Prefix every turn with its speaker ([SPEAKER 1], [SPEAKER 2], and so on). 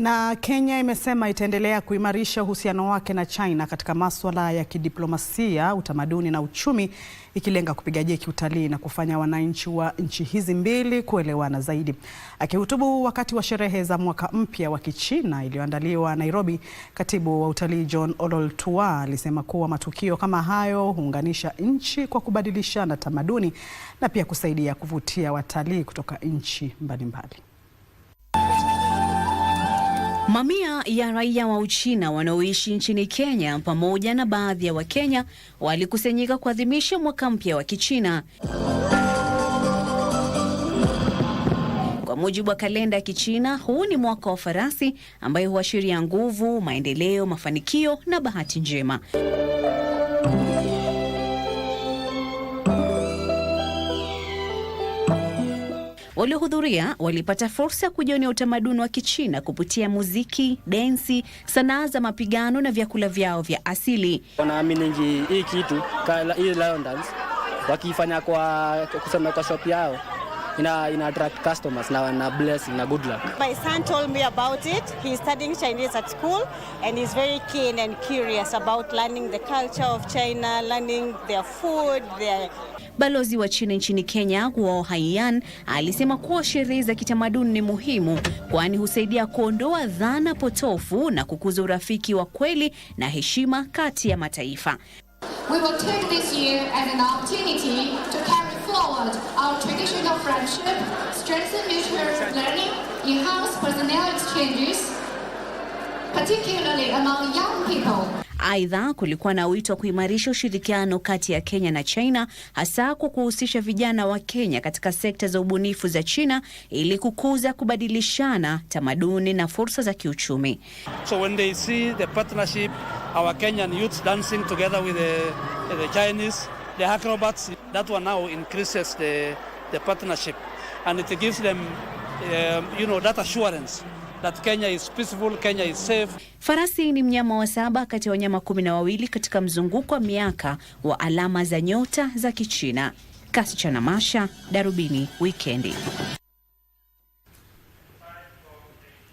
[SPEAKER 1] Na Kenya imesema itaendelea kuimarisha uhusiano wake na China katika masuala ya kidiplomasia, utamaduni na uchumi, ikilenga kupiga jeki utalii na kufanya wananchi wa nchi hizi mbili kuelewana zaidi. Akihutubu wakati wa sherehe za mwaka mpya wa Kichina iliyoandaliwa Nairobi, katibu wa utalii John Olol alisema kuwa matukio kama hayo huunganisha nchi kwa kubadilishana tamaduni na pia kusaidia kuvutia watalii kutoka nchi mbalimbali. Mamia ya raia wa Uchina wanaoishi nchini Kenya pamoja na baadhi ya Wakenya walikusanyika kuadhimisha mwaka mpya wa Kichina. Kwa mujibu wa kalenda ya Kichina, huu ni mwaka wa farasi ambayo huashiria nguvu, maendeleo, mafanikio na bahati njema. Waliohudhuria walipata fursa ya kujionea utamaduni wa Kichina kupitia muziki, densi, sanaa za mapigano na vyakula vyao vya asili.
[SPEAKER 2] Wanaaminigi hii kitu hii lion dance wakifanya kwa kusema kwa shop yao ina, ina attract customers na, na bless na good luck.
[SPEAKER 3] My son told me about it. He is studying Chinese at school and is very keen and curious about learning the culture of China, learning their food, their...
[SPEAKER 1] Balozi wa China nchini Kenya Guo Haiyan alisema kuwa sherehe za kitamaduni ni muhimu kwani husaidia kuondoa dhana potofu na kukuza urafiki wa kweli na heshima kati ya mataifa.
[SPEAKER 4] We will take this year as an opportunity to carry forward our friendship, strengthen mutual learning, enhance personnel exchanges, particularly among young people.
[SPEAKER 1] Aidha, kulikuwa na wito wa kuimarisha ushirikiano kati ya Kenya na China, hasa kwa kuhusisha vijana wa Kenya katika sekta za ubunifu za China ili kukuza kubadilishana tamaduni na fursa za kiuchumi.
[SPEAKER 5] So when they see the partnership, our Kenyan youth dancing together with the, the Chinese, the acrobats, that one now increases the the partnership. And it gives them, um, you know, that assurance. That Kenya is peaceful, Kenya is safe.
[SPEAKER 1] Farasi ni mnyama wa saba kati ya wanyama kumi na wawili katika mzunguko wa miaka wa alama za nyota za Kichina. Kasi cha Namasha, Darubini Wikendi.